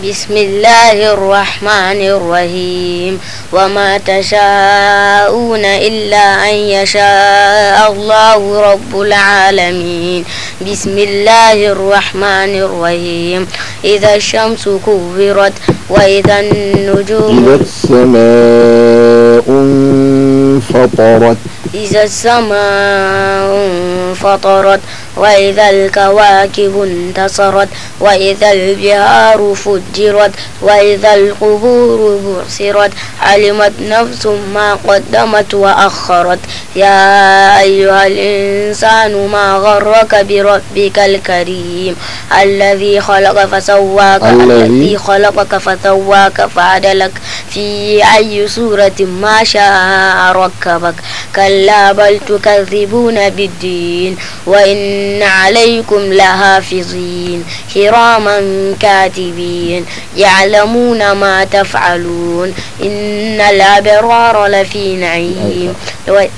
بسم الله الرحمن الرحيم وما تشاءون إلا أن يشاء الله رب العالمين بسم الله الرحمن الرحيم إذا الشمس كورت وإذا النجوم إذا السماء انفطرت إذا السماء انفطرت وإذا الكواكب انتصرت وإذا البهار فجرت وإذا القبور بعثرت علمت نفس ما قدمت وأخرت يا أيها الإنسان ما غرك بربك الكريم الذي خلق فسواك الذي خلقك فسواك فعدلك في أي سورة ما شاء ركبك كلا بل تكذبون بالدين وإن إن عليكم لحافظين كراما كاتبين يعلمون ما تفعلون إن الأبرار لفي نعيم أيوة.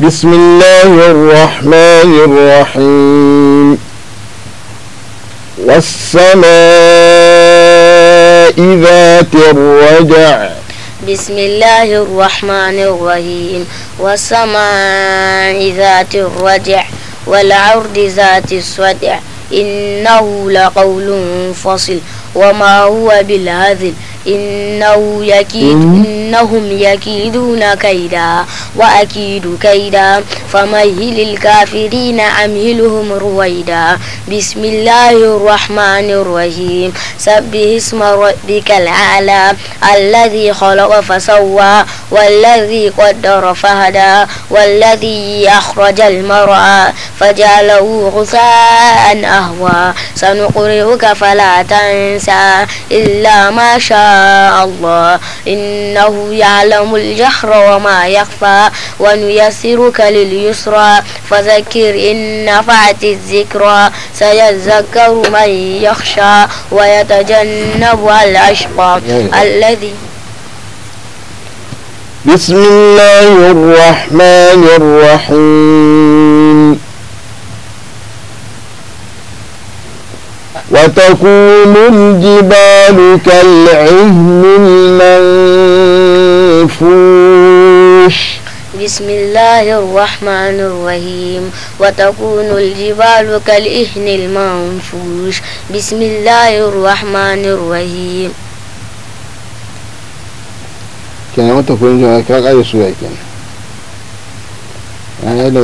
بسم الله الرحمن الرحيم والسماء ذات الرجع بسم الله الرحمن الرحيم والسماء ذات الرجع والعرض ذات الصدع إنه لقول فصل وما هو بالهذل إنه يكيد إنهم يكيدون كيدا وأكيد كيدا فمهل الكافرين أمهلهم رويدا بسم الله الرحمن الرحيم سبه اسم ربك الأعلى الذي خلق فسوى والذي قدر فهدى والذي أخرج المرعى فجعله غثاء أهوى سنقرئك فلا تنسى إلا ما شاء الله إنه يعلم الجهر وما يخفى ونيسرك لليسرى فذكر إن نفعت الذكرى سيذكر من يخشى ويتجنب الأشقى الذي بسم الله الرحمن الرحيم وتكون الجبال كالعهن المنفوش بسم الله الرحمن الرحيم وتكون الجبال كالإهن المنفوش بسم الله الرحمن الرحيم كان وتكون الجبال كالعهن المنفوش بسم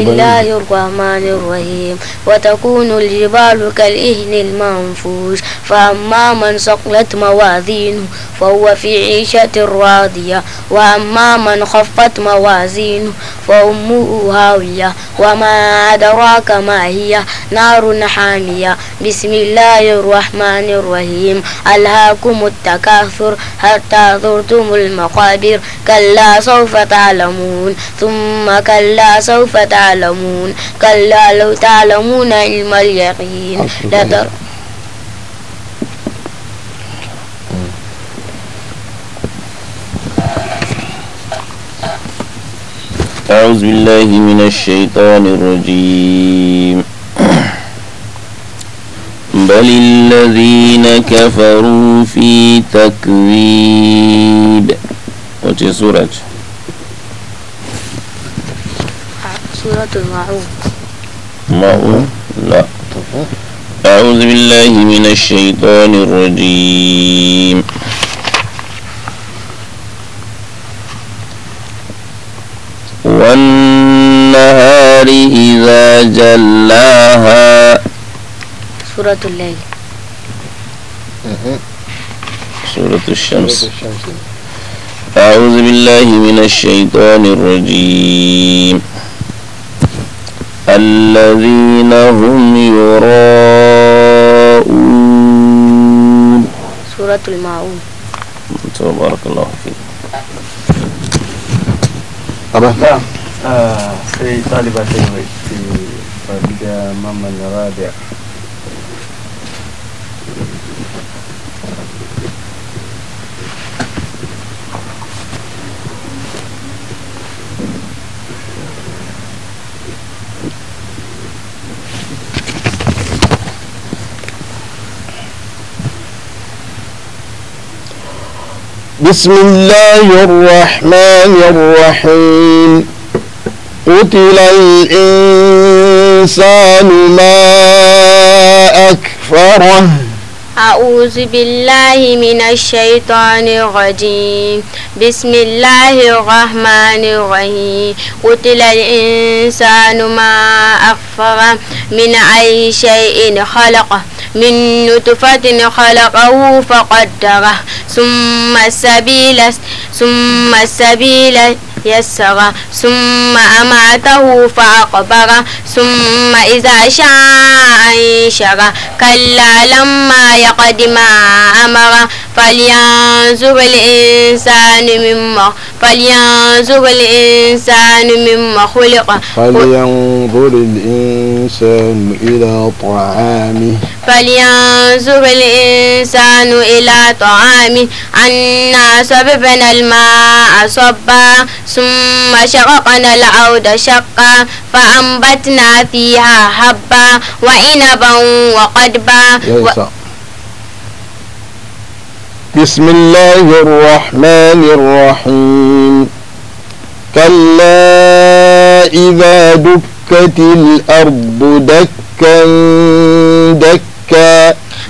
الله الرحمن الرحيم وتكون الجبال كالإهن المنفوش فأما من سقلت موازينه فهو في عيشة راضية وأما من خفت موازينه فأمه هاوية وما أدراك ما هي نار حامية بسم الله الرحمن الرحيم ألهاكم التكاثر حتى زرتم المقابر كلا سوف تعلمون ثم كلا كلا سوف تعلمون كلا لو تعلمون علم اليقين لتر أعوذ بالله من الشيطان الرجيم بل الذين كفروا في تكذيب وتسورة سورة سورة المعون لا أعوذ بالله من الشيطان الرجيم والنهار إذا جلاها سورة الليل سورة الشمس أعوذ بالله من الشيطان الرجيم الذين هم يراءون سورة المعون تبارك الله فيك أبا نعم آه، سي طالبة في مبدأ ماما رابع بسم الله الرحمن الرحيم قتل الإنسان ما أكفره أعوذ بالله من الشيطان الرجيم بسم الله الرحمن الرحيم قتل الإنسان ما أكفره من أي شيء خلقه من نطفة خلقه فقدره ثم السبيل ثم السبيل يسره ثم أماته فأقبره ثم إذا شاء أنشره كلا لما يقد ما أمره فلينظر الإنسان مما فلينظر الإنسان مما خلق فلينظر الإنسان إلى طعامه فلينظر الإنسان إلى طعامه أنا صببنا الماء صبا ثم شققنا الأرض شقا فأنبتنا فيها حبا وعنبا وقدبا و... بسم الله الرحمن الرحيم كلا إذا دكت الأرض دكا دكا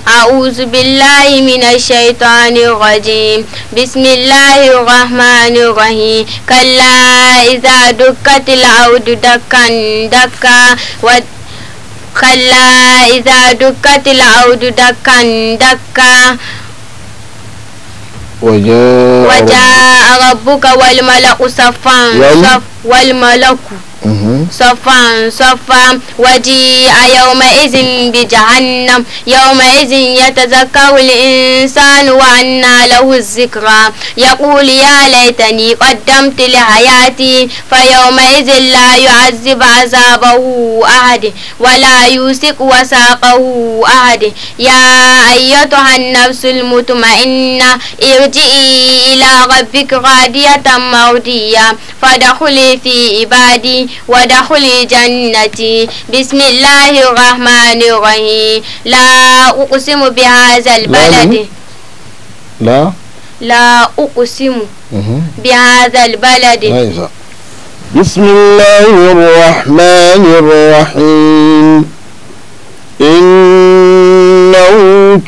أعوذ بالله من الشيطان الرجيم بسم الله الرحمن الرحيم كلا إذا دكت العود دكا دكا كلا إذا دكت العود دكا دكا وجاء, وجاء ربك والملك صفا والملك صفا صفا وجيء يومئذ بجهنم يومئذ يتذكر الإنسان وأنى له الذكرى يقول يا ليتني قدمت لحياتي فيومئذ لا يعذب عذابه أحد ولا يوثق وثاقه أحد يا أيتها النفس المطمئنة ارجعي إلى ربك راضية مرضية فادخلي في عبادي ودخلي جنتي بسم الله الرحمن الرحيم لا أقسم بهذا البلد لا لا أقسم بهذا البلد بسم الله الرحمن الرحيم إنه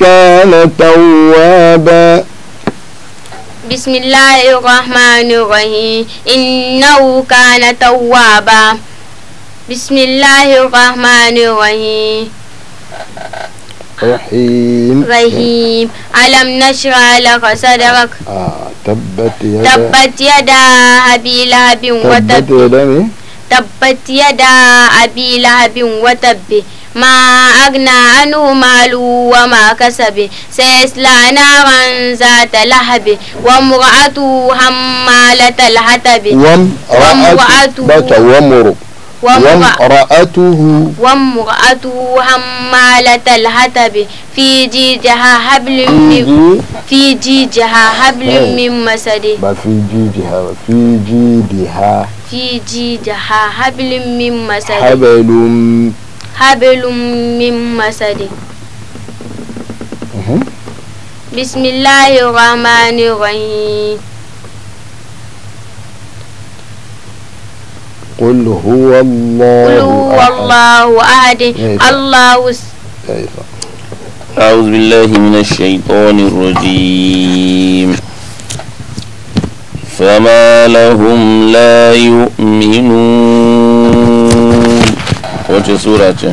كان توابا بسم الله الرحمن الرحيم إنه كان توابا بسم الله الرحمن الرحيم رحيم رحيم ألم نشرع لك صدرك آه. تبت يدا تبت يدا أبي لهب وتب تبت يدا أبي لهب وتب ما أغنى عنه ماله وما كسبه سيسلى نارا ذات لهب وامرأته حمالة الحطب وامرأته وامرأته وامرأته حمالة الحطب في جيجها حبل من في جيجها حبل من مسد في جيجها في جيجها في جيجها حبل من مسد حبل حبل من مسد بسم الله الرحمن الرحيم قل هو الله قل هو الله أحد الله أعوذ بالله من الشيطان الرجيم فما لهم لا يؤمنون hoće سورة će.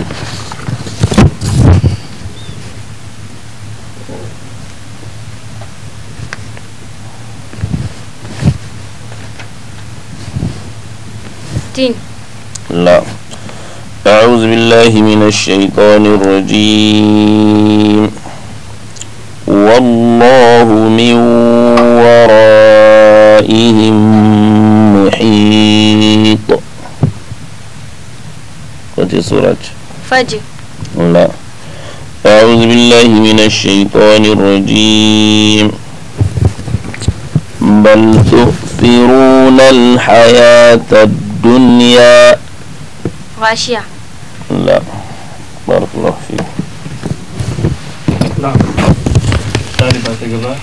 لا أعوذ بالله من الشيطان الرجيم والله من ورائهم محيط في سورة فجر لا أعوذ بالله من الشيطان الرجيم بل تؤثرون الحياة الدنيا غاشية لا بارك الله فيك لا تاني بتجيبها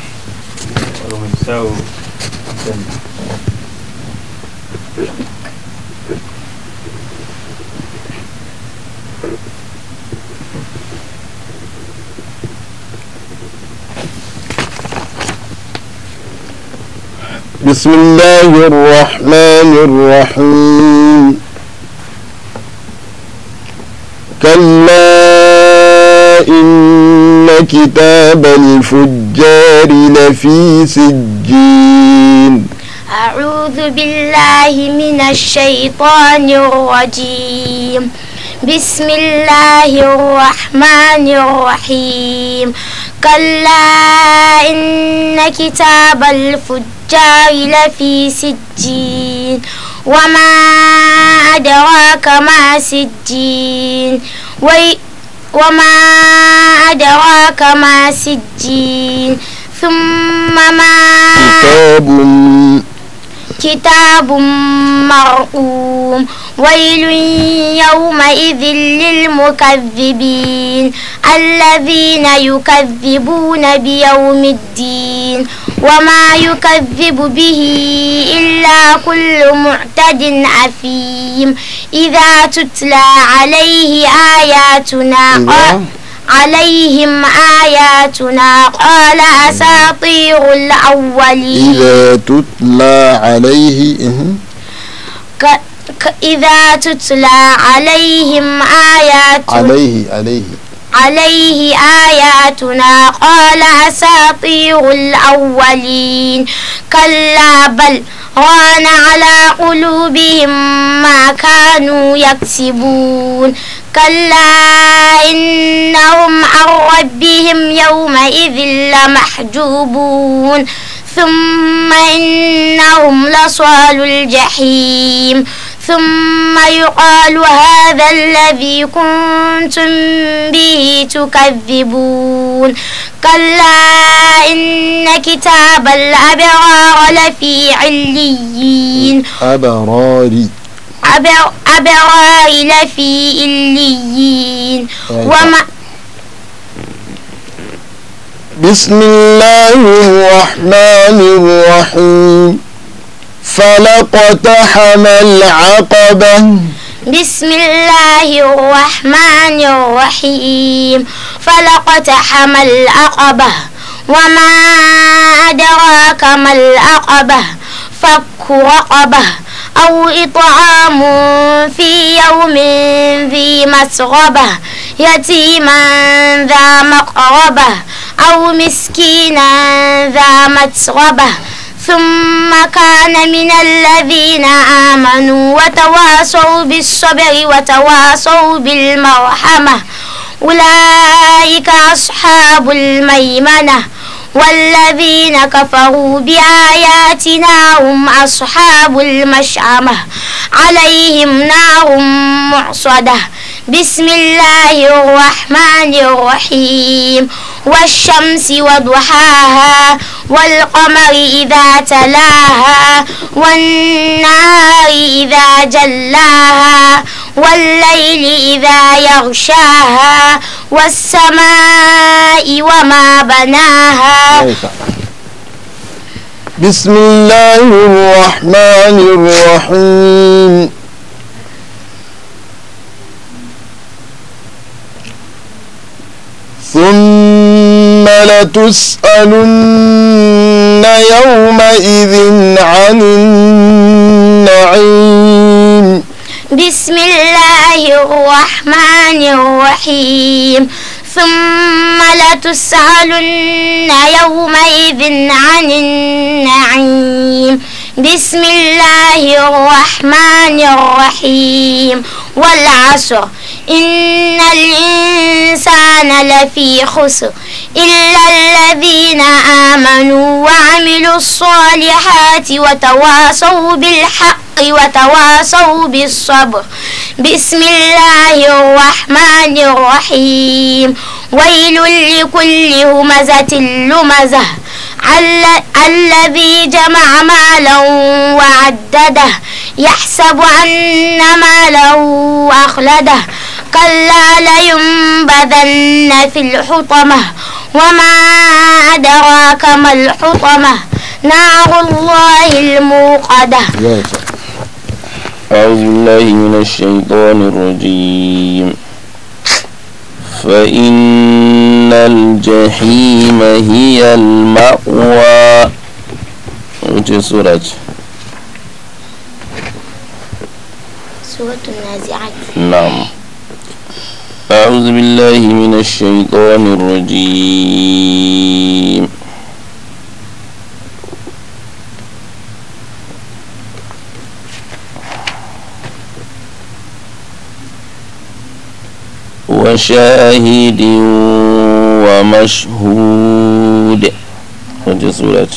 بسم الله الرحمن الرحيم كلا إن كتاب الفجار لفي سجين أعوذ بالله من الشيطان الرجيم بسم الله الرحمن الرحيم كلا إن كتاب الفجار لفي سجين وما أدراك ما سجين وي وما أدراك ما سجين ثم ما كتاب كتاب مرؤوم ويل يومئذ للمكذبين الذين يكذبون بيوم الدين وما يكذب به إلا كل معتد أثيم إذا تتلى عليه آياتنا عليهم آياتنا قال أساطير الأولين إذا تتلى عليه إيه؟ إذا تتلى عليهم آيات عليه عليه عليه آياتنا قال أساطير الأولين كلا بل ران على قلوبهم ما كانوا يكسبون كلا إنهم عن ربهم يومئذ لمحجوبون ثم إنهم لصال الجحيم ثم يقال هذا الذي كنتم به تكذبون كلا إن كتاب الأبرار لفي عليين أبراري أبراري أبرار لفي عليين طيب. وما بسم الله الرحمن الرحيم فلقد اقتحم العقبة بسم الله الرحمن الرحيم فلقد اقتحم العقبة وما أدراك ما العقبة فك رقبة أو إطعام في يوم ذي مسغبة يتيما ذا مقربة أو مسكينا ذا متربة ثم كان من الذين آمنوا وتواصوا بالصبر وتواصوا بالمرحمة أولئك أصحاب الميمنة والذين كفروا بآياتنا هم أصحاب المشأمة عليهم نار معصدة بسم الله الرحمن الرحيم والشمس وضحاها والقمر إذا تلاها والنار إذا جلاها والليل إذا يغشاها والسماء وما بناها بسم الله الرحمن الرحيم ثم لتسألن يومئذ عن النعيم بسم الله الرحمن الرحيم ثم لتسألن يومئذ عن النعيم بسم الله الرحمن الرحيم والعصر إن الإنسان لفي خسر إلا الذين آمنوا وعملوا الصالحات وتواصوا بالحق وتواصوا بالصبر بسم الله الرحمن الرحيم ويل لكل همزة لمزة الذي جمع مالا وعدده يحسب أن ماله أخلده كلا لينبذن في الحطمة وما أدراك ما الحطمة نار الله الموقدة أعوذ بالله من الشيطان الرجيم فإن الجحيم هي المأوى وجه سورة سورة النازعات نعم أعوذ بالله من الشيطان الرجيم وشاهد ومشهود هذه سورة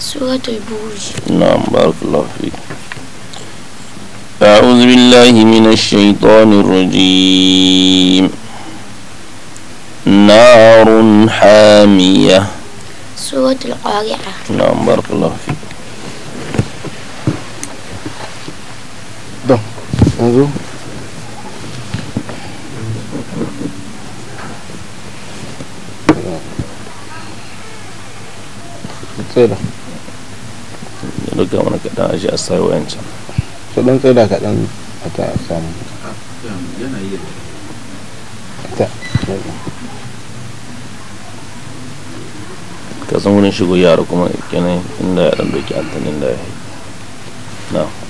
سورة البروج نعم بارك الله فيك أعوذ بالله من الشيطان الرجيم نار حامية سورة القارعة نعم بارك الله فيك ده انظر طيب لقى وانا كده اجي اسوي وين tsada tsira kaɗan a ta samu ka san wurin shigo yara kuma kenan inda ya ɗan doki altanin da ya na